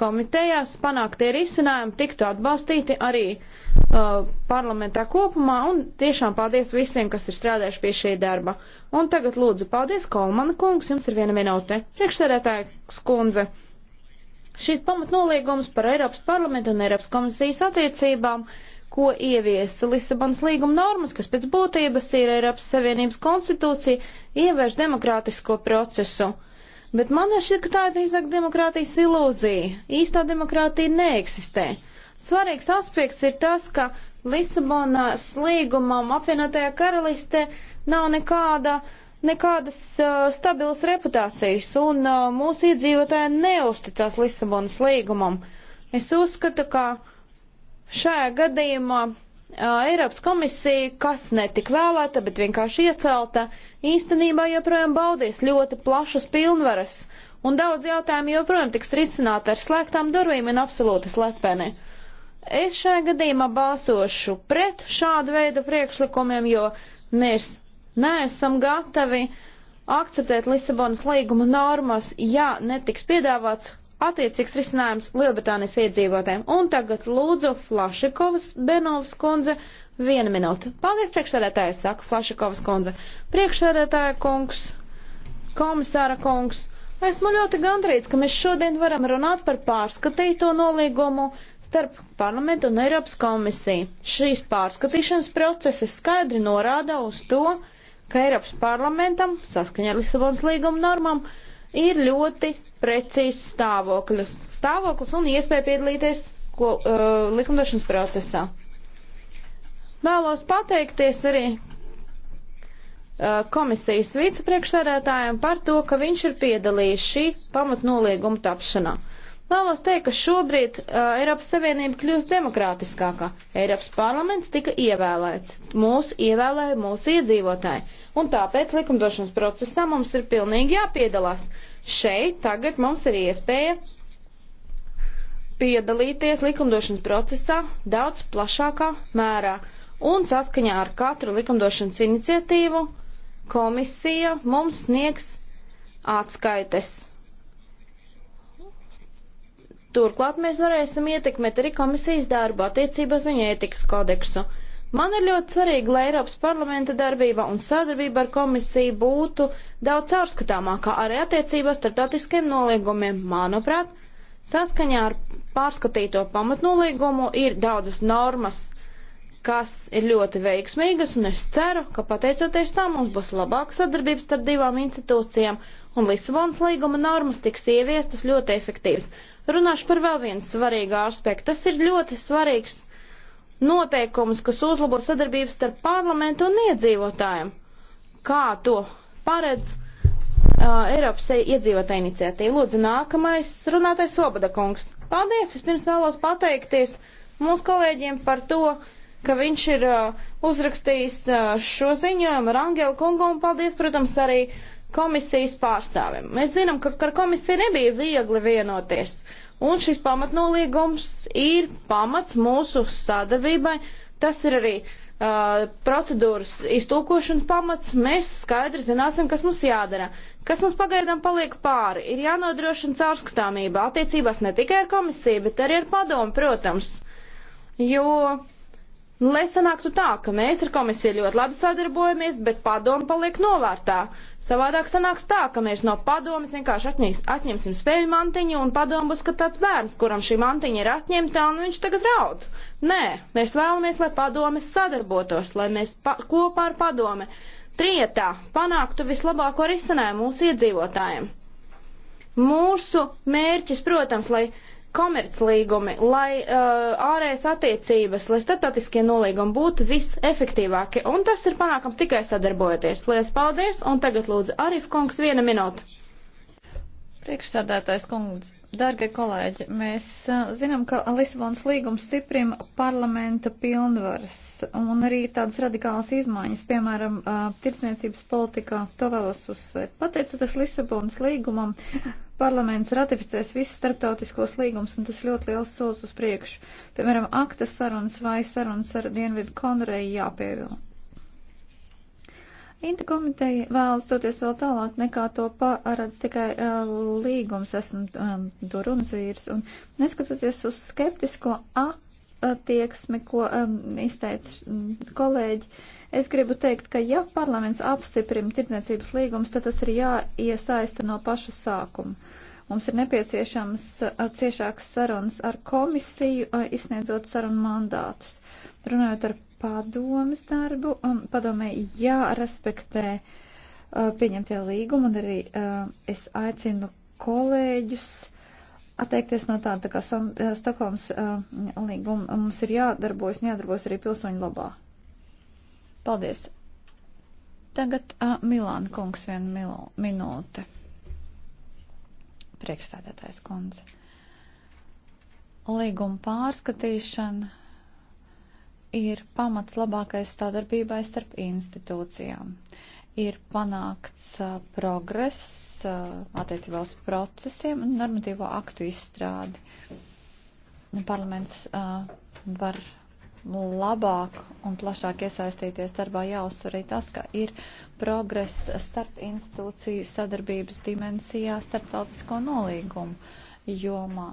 komitejās panāktie risinājumi tiktu atbalstīti arī uh, parlamentā kopumā, un tiešām paldies visiem, kas ir strādājuši pie šī darba. Un tagad lūdzu paldies, Kolmana kungs, jums ir viena minūte. Priekšsēdētāja skundze. Šīs pamatnolīgums par Eiropas parlamentu un Eiropas komisijas attiecībām uh, ko ieviesa Lisabonas līguma normas, kas pēc būtības ir Eiropas Savienības konstitūcija, ievieš demokrātisko procesu. Bet man šķiet, ka tā ir drīzāk demokrātijas ilūzija. Īstā demokrātija neeksistē. Svarīgs aspekts ir tas, ka Lisabonas līgumam apvienotajā karalistē nav nekāda, nekādas uh, stabilas reputācijas, un uh, mūsu iedzīvotāji neusticās Lisabonas līgumam. Es uzskatu, ka Šajā gadījumā Eiropas komisija, kas netika vēlēta, bet vienkārši iecelta, īstenībā joprojām baudīs ļoti plašas pilnvaras, un daudz jautājumu joprojām tiks risināti ar slēgtām durvīm un absolūti slepeni. Es šajā gadījumā balsošu pret šādu veidu priekšlikumiem, jo mēs neesam gatavi akceptēt Lisabonas līguma normas, ja netiks piedāvāts attiecīgs risinājums Lielbritānijas iedzīvotēm. Un tagad lūdzu Flašikovas Benovas kundze vienu minūti. Paldies priekšsēdētāji, saka Flašikovas kundze. Priekšsēdētāja kungs, komisāra kungs, esmu ļoti gandrīz, ka mēs šodien varam runāt par pārskatīto nolīgumu starp parlamentu un Eiropas komisiju. Šīs pārskatīšanas procesi skaidri norāda uz to, ka Eiropas parlamentam saskaņā ar Lisabonas līguma normām ir ļoti precīzs stāvokļus, stāvoklis un iespēja piedalīties ko, uh, likumdošanas procesā. Vēlos pateikties arī uh, komisijas vicepriekšsēdētājiem par to, ka viņš ir piedalījis šī pamatnolīguma tapšanā. Vēlos teikt, ka šobrīd uh, Eiropas Savienība kļūst demokrātiskākā. Eiropas parlaments tika ievēlēts. Mūsu ievēlēja mūsu iedzīvotāji. Un tāpēc likumdošanas procesā mums ir pilnīgi jāpiedalās. Šeit tagad mums ir iespēja piedalīties likumdošanas procesā daudz plašākā mērā. Un saskaņā ar katru likumdošanas iniciatīvu komisija mums sniegs atskaites Turklāt mēs varēsim ietekmēt arī komisijas darbu attiecībā uz viņa ētikas kodeksu. Man ir ļoti svarīgi, lai Eiropas parlamenta darbība un sadarbība ar komisiju būtu daudz caurskatāmākā arī attiecībā starptautiskiem noliegumiem. Manuprāt, saskaņā ar pārskatīto pamatnolīgumu ir daudzas normas, kas ir ļoti veiksmīgas, un es ceru, ka pateicoties tam mums būs labāka sadarbības starp divām institūcijām un Lisabonas līguma normas tiks ieviestas ļoti efektīvas. Runāšu par vēl vienu svarīgu aspektu. Tas ir ļoti svarīgs noteikums, kas uzlabo sadarbības starp parlamentu un iedzīvotājiem. Kā to paredz uh, Eiropas iedzīvotāja iniciatīva? Lūdzu, nākamais runātais Svoboda kungs. Paldies! Vispirms vēlos pateikties mūsu kolēģiem par to, ka viņš ir uh, uzrakstījis uh, šo ziņojumu ar Angelu kungu un paldies, protams, arī komisijas pārstāvim. Mēs zinām, ka ar komisiju nebija viegli vienoties, un šis pamatnolīgums ir pamats mūsu sadarbībai. Tas ir arī uh, procedūras iztūkošanas pamats. Mēs skaidri zināsim, kas mums jādara. Kas mums pagaidām paliek pāri, ir jānodrošina caurskatāmība attiecībās ne tikai ar komisiju, bet arī ar padomu, protams. Jo Nu, lai sanāktu tā, ka mēs ar komisiju ļoti labi sadarbojamies, bet padomu paliek novārtā. Savādāk sanāks tā, ka mēs no padomas vienkārši atņems, atņemsim spēļu mantiņu un padomu būs, ka tāds bērns, kuram šī mantiņa ir atņemta un viņš tagad raud. Nē, mēs vēlamies, lai padomas sadarbotos, lai mēs pa kopā ar padome trietā panāktu vislabāko risinājumu mūsu iedzīvotājiem. Mūsu mērķis, protams, lai komerclīgumi, lai uh, ārējas attiecības, lai starptautiskie nolīgumi būtu visefektīvākie, un tas ir panākams tikai sadarbojoties. Lielas paldies, un tagad lūdzu Arif kungs viena minūte. Priekšsādātais kungs, dargie kolēģi, mēs uh, zinām, ka Lisabons līgums stiprina parlamenta pilnvaras un arī tādas radikālas izmaiņas, piemēram, uh, tirdzniecības politikā, to vēlas uzsvērt. Pateicoties Lisabons līgumam, parlaments ratificēs visus starptautiskos līgumus, un tas ļoti liels solis uz priekšu. Piemēram, akta sarunas vai sarunas ar Dienvidu Konreju jāpievilna. Inta komiteja vēlas doties vēl tālāk nekā to paredz tikai uh, līgums, esmu um, to runas vīrs, un neskatoties uz skeptisko attieksmi, ko um, izteica mm, kolēģi, uh, Es gribu teikt, ka ja parlaments apstiprina tirdzniecības līgumus, tad tas ir jāiesaista no paša sākuma. Mums ir nepieciešams ciešāks sarunas ar komisiju, izsniedzot sarunu mandātus. Runājot ar padomas darbu, padomē jārespektē pieņemtie līgumi, un arī es aicinu kolēģus atteikties no tāda, tā kā Stokholmas līguma mums ir jādarbojas, jādarbojas arī pilsoņu labā. Paldies. Tagad uh, Milāna kungs vienu milo, minūte. Priekšstādātais kundze. Līguma pārskatīšana ir pamats labai sadarbībai starp institūcijām. Ir panākts uh, progress uh, attiecībā uz procesiem un normatīvo aktu izstrādi. Parlaments uh, var labāk un plašāk iesaistīties darbā, jāuzsver arī tas, ka ir progress starp institūciju sadarbības dimensijā starptautisko nolīgumu jomā.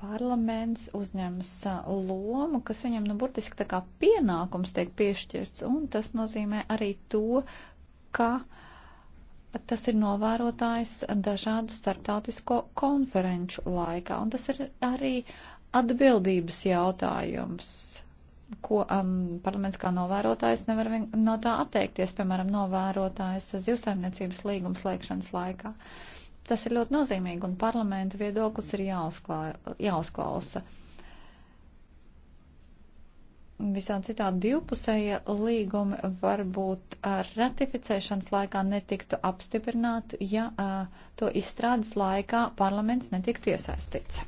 Parlaments uzņemas lomu, kas viņam nu burtiski tā kā pienākums tiek piešķirts, un tas nozīmē arī to, ka tas ir novērotājs dažādu starptautisko konferenču laikā, un tas ir arī atbildības jautājums ko um, parlaments kā novērotājs nevar no tā atteikties, piemēram, novērotājs zivsaimniecības līguma slēgšanas laikā. Tas ir ļoti nozīmīgi, un parlamenta viedoklis ir jāuzklā, jāuzklausa. Visā citādi divpusējie līgumi varbūt ratificēšanas laikā netiktu apstiprināti, ja uh, to izstrādes laikā parlaments netiktu iesaistīts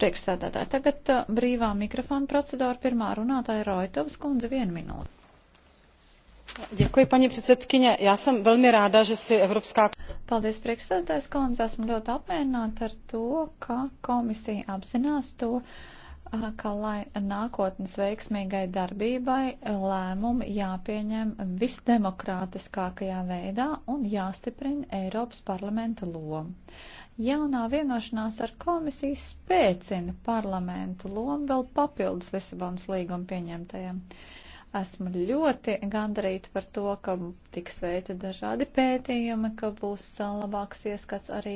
priekšstādātāji. Tagad uh, brīvā mikrofona procedūra. Pirmā runātāja Roitovs kundze vienu minūti. Děkuji, paní předsedkyně. Já jsem velmi ráda, že si Evropská... Paldies, priekšstādātājs kundze. Esmu ļoti apmierināta ar to, ka komisija apzinās to, uh, ka lai nākotnes veiksmīgai darbībai lēmumi jāpieņem visdemokrātiskākajā veidā un jāstiprina Eiropas parlamenta loma. Jaunā vienošanās ar komisiju spēcina parlamentu lomu vēl papildus Lisabonas līguma pieņemtajam. Esmu ļoti gandarīta par to, ka tiks veikti dažādi pētījumi, ka būs labāks ieskats arī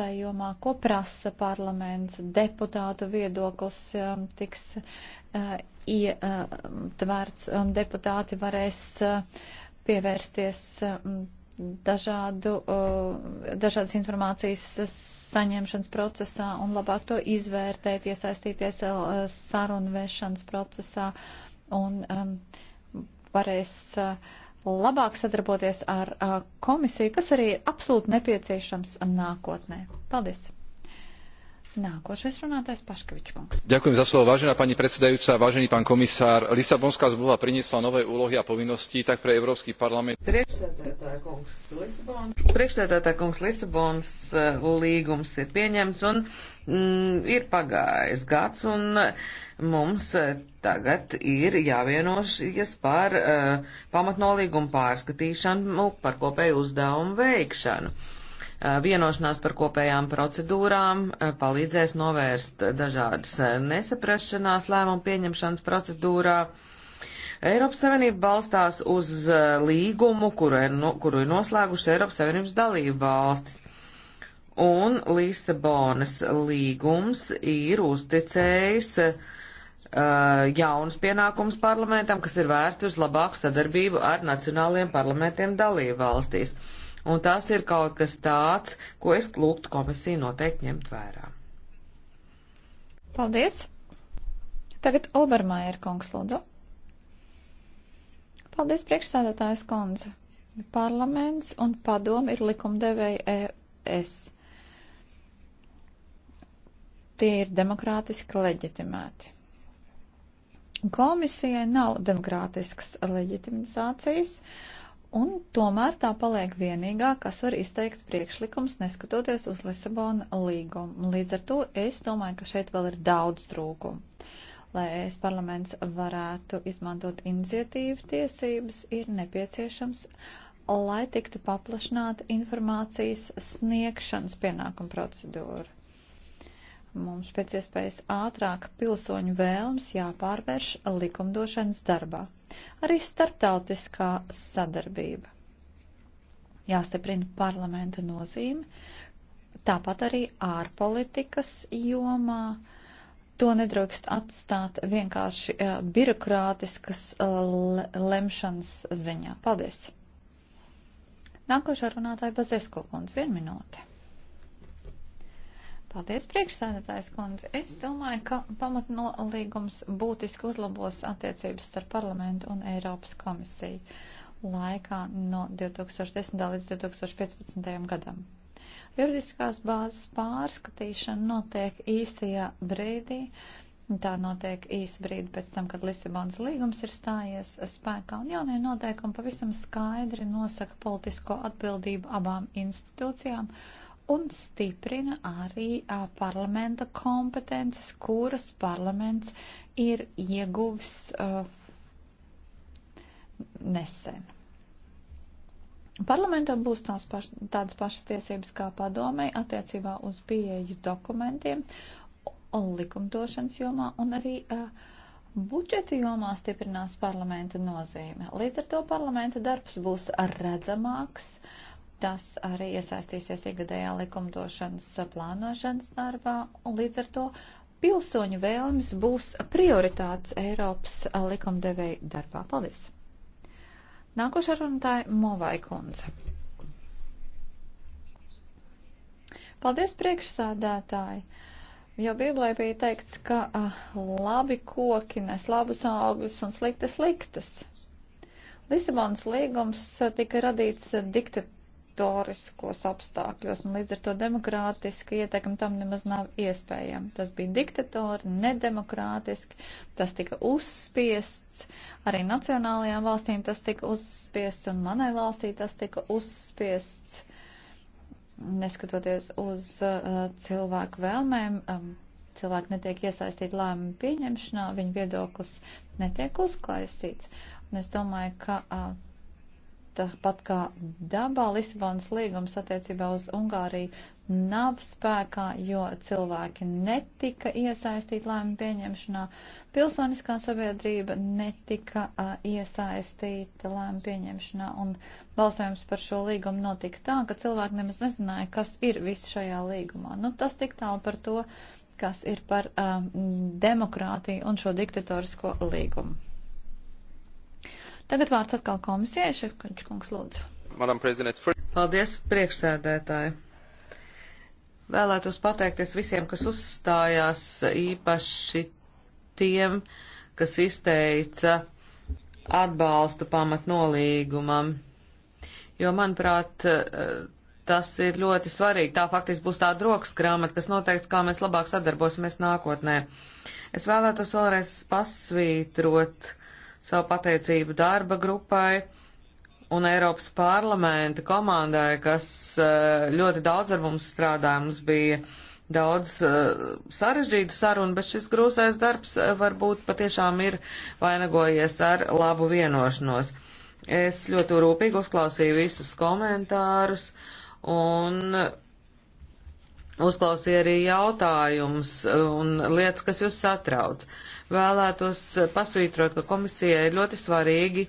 tā jomā, ko prasa parlaments, deputātu viedoklis tiks ietvērts, deputāti varēs pievērsties dažādu, eh, dažādas informācijas saņemšanas procesā un labāk to izvērtēt, iesaistīties eh, sarunvešanas procesā un varēs eh, labāk sadarboties ar komisiju, kas arī ir absolūti nepieciešams nākotnē. Paldies! Nākošais runātājs Paškevičkungs. Ďakujem za slovo, vážená pani predsedajúca, vážený pán komisár. Lisabonská zmluva priniesla nové úlohy a povinnosti tak pre Európsky parlament. Priekšsēdētā kungs Lisabons eh, līgums ir pieņemts un mm, ir pagājis gads un eh, mums eh, tagad ir jāvienošies par uh, pamatnolīgumu pārskatīšanu, par kopēju uzdevumu veikšanu. Uh, Eh, vienošanās par kopējām procedūrām eh, palīdzēs novērst dažādas eh, nesaprašanās lēmumu pieņemšanas procedūrā. Eiropas Savienība balstās uz līgumu, kuru ir, no, kuru ir noslēguši Eiropas Savienības dalību valstis. Un Lisabonas līgums ir uzticējis uh, jaunus pienākumus parlamentam, kas ir vērsti uz labāku sadarbību ar nacionāliem parlamentiem dalību valstīs. Uh, un tas ir kaut kas tāds, ko es lūgtu komisiju noteikti ņemt vērā. Paldies! Tagad Obermaier kungs lūdzu. Paldies, priekšsēdētājs kundze. Parlaments un padomi ir likumdevēja ES tie ir demokrātiski leģitimēti. Komisijai nav demokrātiskas leģitimizācijas, Un tomēr tā paliek vienīgā, kas var izteikt priekšlikums, neskatoties uz Lisabona līgumu. Līdz ar to es domāju, ka šeit vēl ir daudz trūkumu. Lai es parlaments varētu izmantot iniciatīvu tiesības, ir nepieciešams, lai tiktu paplašināta informācijas sniegšanas pienākuma procedūra. Mums pēc iespējas ātrāk pilsoņu vēlms jāpārvērš likumdošanas darbā. Arī starptautiskā sadarbība. Jāstiprina parlamenta nozīme, tāpat arī ārpolitikas jomā. To nedrīkst atstāt vienkārši uh, birokrātiskas uh, lemšanas ziņā. Paldies! Nākošā runātāja Bazēsko kundze, vienu minūti. Paldies, priekšsēdētājs kundze. Es domāju, ka pamatnolīgums būtiski uzlabos attiecības starp parlamentu un Eiropas komisiju laikā no 2010. līdz 2015. gadam. Juridiskās bāzes pārskatīšana notiek īstajā brīdī. Tā notiek īsa brīdi pēc tam, kad Lisabonas līgums ir stājies spēkā, un jaunie noteikumi pavisam skaidri nosaka politisko atbildību abām institūcijām un stiprina arī a, parlamenta kompetences, kuras parlaments ir ieguvis a, nesen. Parlamentam būs tās paš, tādas pašas tiesības kā padomei attiecībā uz pieeju dokumentiem un likumdošanas jomā un arī a, budžeta jomā stiprinās parlamenta nozīme. Līdz ar to parlamenta darbs būs redzamāks. Uh, Tas arī iesaistīsies ikgadējā likumdošanas plānošanas darbā, un līdz ar to pilsoņu vēlmes būs prioritātes Eiropas likumdevēju darbā. Paldies! Nākošā runātāja Movai kundze. Paldies, priekšsādātāji! Jo Bībelē bija teikts, ka ah, labi koki nes labus augļus un slikti sliktus. Lisabonas līgums tika radīts diktat diktatoriskos apstākļos, un līdz ar to demokrātiski ietekmi tam nemaz nav iespējama. Tas bija diktatori, nedemokrātiski, tas tika uzspiests, arī nacionālajām valstīm tas tika uzspiests, un manai valstī tas tika uzspiests, neskatoties uz uh, cilvēku vēlmēm. Um, cilvēki netiek iesaistīti lēmumu pieņemšanā, viņa viedoklis netiek uzklausīts. Un es domāju, ka uh, tāpat kā dabā Lisabonas līgums attiecībā uz Ungāriju nav spēkā, jo cilvēki netika iesaistīti lēmumu pieņemšanā, pilsoniskā sabiedrība netika uh, iesaistīta lēmumu pieņemšanā, un balsojums par šo līgumu notika tā, ka cilvēki nemaz nezināja, kas ir viss šajā līgumā. Nu, tas tik tālu par to, kas ir par uh, demokrātiju un šo diktatorisko līgumu. Tagad vārds atkal komisijai, Šefkunč kungs lūdzu. Paldies, priekšsēdētāji. Vēlētos pateikties visiem, kas uzstājās, īpaši tiem, kas izteica atbalstu pamatnolīgumam, jo, manuprāt, tas ir ļoti svarīgi. Tā faktiski būs tāda rokas grāmata, kas noteikts, kā mēs labāk sadarbosimies nākotnē. Es vēlētos vēlreiz pasvītrot savu pateicību darba grupai un Eiropas parlamenta komandai, kas eh, ļoti daudz ar mums strādāja. Mums bija daudz eh, sarežģītu sarunu, bet šis grūzais darbs eh, varbūt patiešām ir vainagojies ar labu vienošanos. Es ļoti rūpīgi uzklausīju visus komentārus un uzklausīju arī jautājumus un lietas, kas jūs satrauc. Uh, vēlētos pasvītrot, ka komisijai ir ļoti svarīgi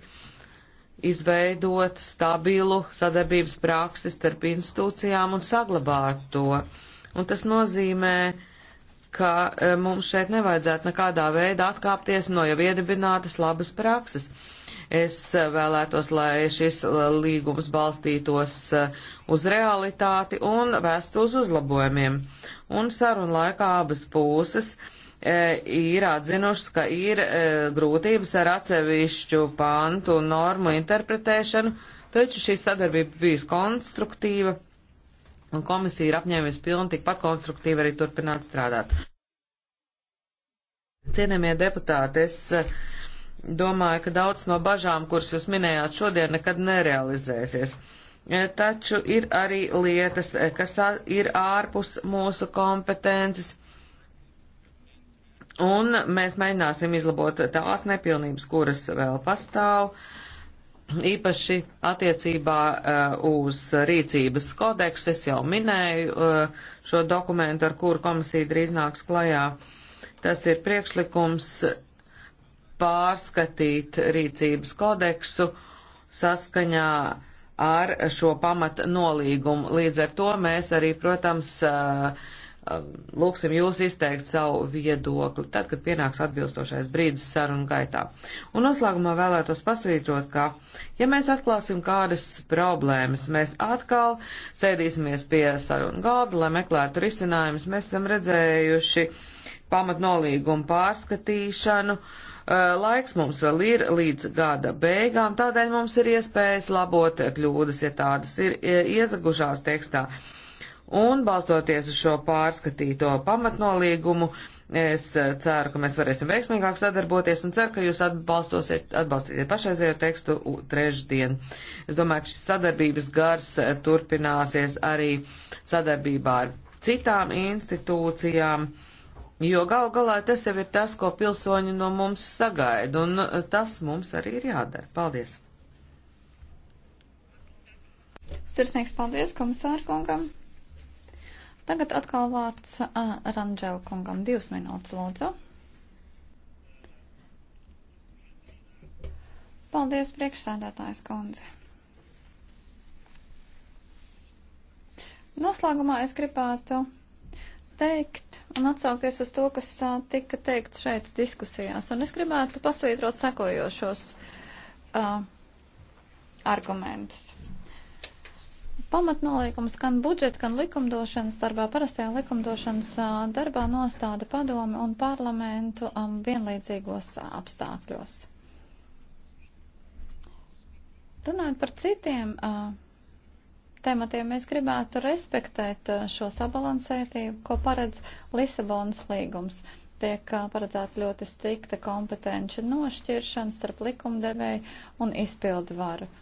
izveidot stabilu sadarbības praksi starp institūcijām un saglabāt to. Un tas nozīmē, ka e, mums šeit nevajadzētu nekādā veidā atkāpties no jau iedibinātas labas prakses. Es e, vēlētos, lai šis e, līgums balstītos uz realitāti un vēstu uz uzlabojumiem. Un sarunu laikā abas puses uh, E, ir atzinušas, ka ir e, grūtības ar atsevišķu pantu normu interpretēšanu, taču šī sadarbība bijusi konstruktīva, un komisija ir apņēmis pilni tikpat konstruktīvi arī turpināt strādāt. Cienījamie deputāti, es e, domāju, ka daudz no bažām, kuras jūs minējāt šodien, nekad nerealizēsies. Taču ir arī lietas, kas ir ārpus mūsu kompetences Un mēs mēģināsim izlabot tās nepilnības, kuras vēl pastāv, īpaši attiecībā uh, uz rīcības kodeksu. Es jau minēju uh, šo dokumentu, ar kuru komisija drīz nāks klajā. Tas ir priekšlikums pārskatīt rīcības kodeksu saskaņā ar šo pamata nolīgumu. Līdz ar to mēs arī, protams, uh, Um, lūksim jūs izteikt savu viedokli, tad, kad pienāks atbilstošais brīdis sarunu gaitā. Un noslēgumā vēlētos pasvītrot, ka, ja mēs atklāsim kādas problēmas, mēs atkal sēdīsimies pie sarunu galda, lai meklētu risinājumus. Mēs esam redzējuši pamatnolīgumu pārskatīšanu. Uh, laiks mums vēl ir līdz gada beigām, tādēļ mums ir iespējas labot kļūdas, ja tādas ir iezagušās tekstā. Un balstoties uz šo pārskatīto pamatnolīgumu, es ceru, ka mēs varēsim veiksmīgāk sadarboties un ceru, ka jūs atbalstīsiet pašreizējo tekstu trešdien. Es domāju, ka šis sadarbības gars turpināsies arī sadarbībā ar citām institūcijām, jo gal galā tas jau ir tas, ko pilsoņi no mums sagaida, un tas mums arī ir jādara. Paldies! Sirsnīgs paldies komisāru kungam! Tagad atkal vārds uh, Ranģēla kungam. Divas minūtes, lūdzu. Paldies, priekšsēdētājs kundze. Noslēgumā es gribētu teikt un atsaukties uz to, kas uh, tika teikts šeit diskusijās. Un es gribētu pasvītrot sekojošos uh, argumentus pamatnolīgums gan budžeta, gan likumdošanas darbā, parastajā likumdošanas darbā nostāda padomi un parlamentu um, vienlīdzīgos apstākļos. Runājot par citiem uh, tematiem, mēs gribētu respektēt uh, šo sabalansētību, ko paredz Lisabonas līgums. Tiek uh, paredzēta ļoti strikta kompetenci nošķiršana starp likumdevēju un izpildu varu. Uh,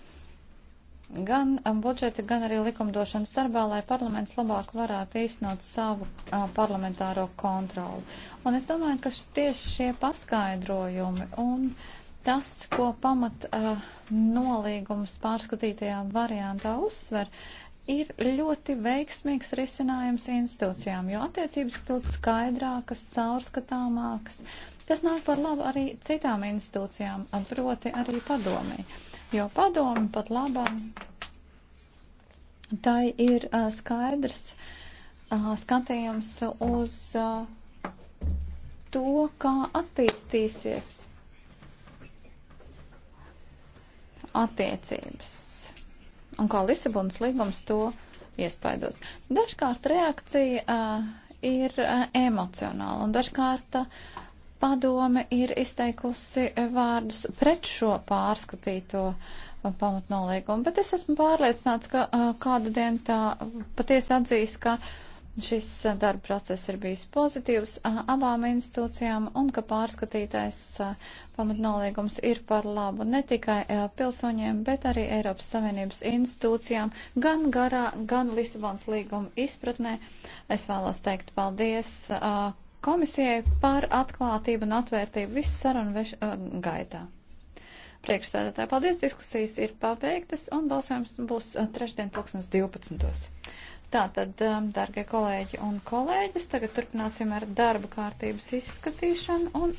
gan um, budžeta, gan arī likumdošanas darbā, lai parlaments labāk varētu īstenot savu a, uh, parlamentāro kontroli. Un es domāju, ka tieši šie paskaidrojumi un tas, ko pamat a, uh, nolīgums pārskatītajā variantā uzsver, ir ļoti veiksmīgs risinājums institūcijām, jo attiecības kļūst skaidrākas, caurskatāmākas. Uh, Tas nāk par labu arī citām institūcijām, proti arī padomē. Jo padomi pat labam, tai ir uh, skaidrs uh, skatījums uz uh, to, kā attīstīsies attiecības. Un kā Lisabonas līgums to iespaidos. Dažkārt reakcija uh, ir uh, emocionāla un dažkārt uh, Padome ir izteikusi vārdus pret šo pārskatīto pamatnolīgumu, bet es esmu pārliecināts, ka kādu dienu tā patiesi atzīs, ka šis darba process ir bijis pozitīvs abām institūcijām un ka pārskatītais pamatnolīgums ir par labu ne tikai pilsoņiem, bet arī Eiropas Savienības institūcijām gan garā, gan Lisabons līguma izpratnē. Es vēlos teikt paldies komisijai par atklātību un atvērtību visu sarunu veš, uh, gaitā. Priekšstādātāji, paldies, diskusijas ir pabeigtas un balsojums būs uh, trešdien plūksnes 12. Tātad, um, dārgie kolēģi un kolēģis, tagad turpināsim ar darba kārtības izskatīšanu un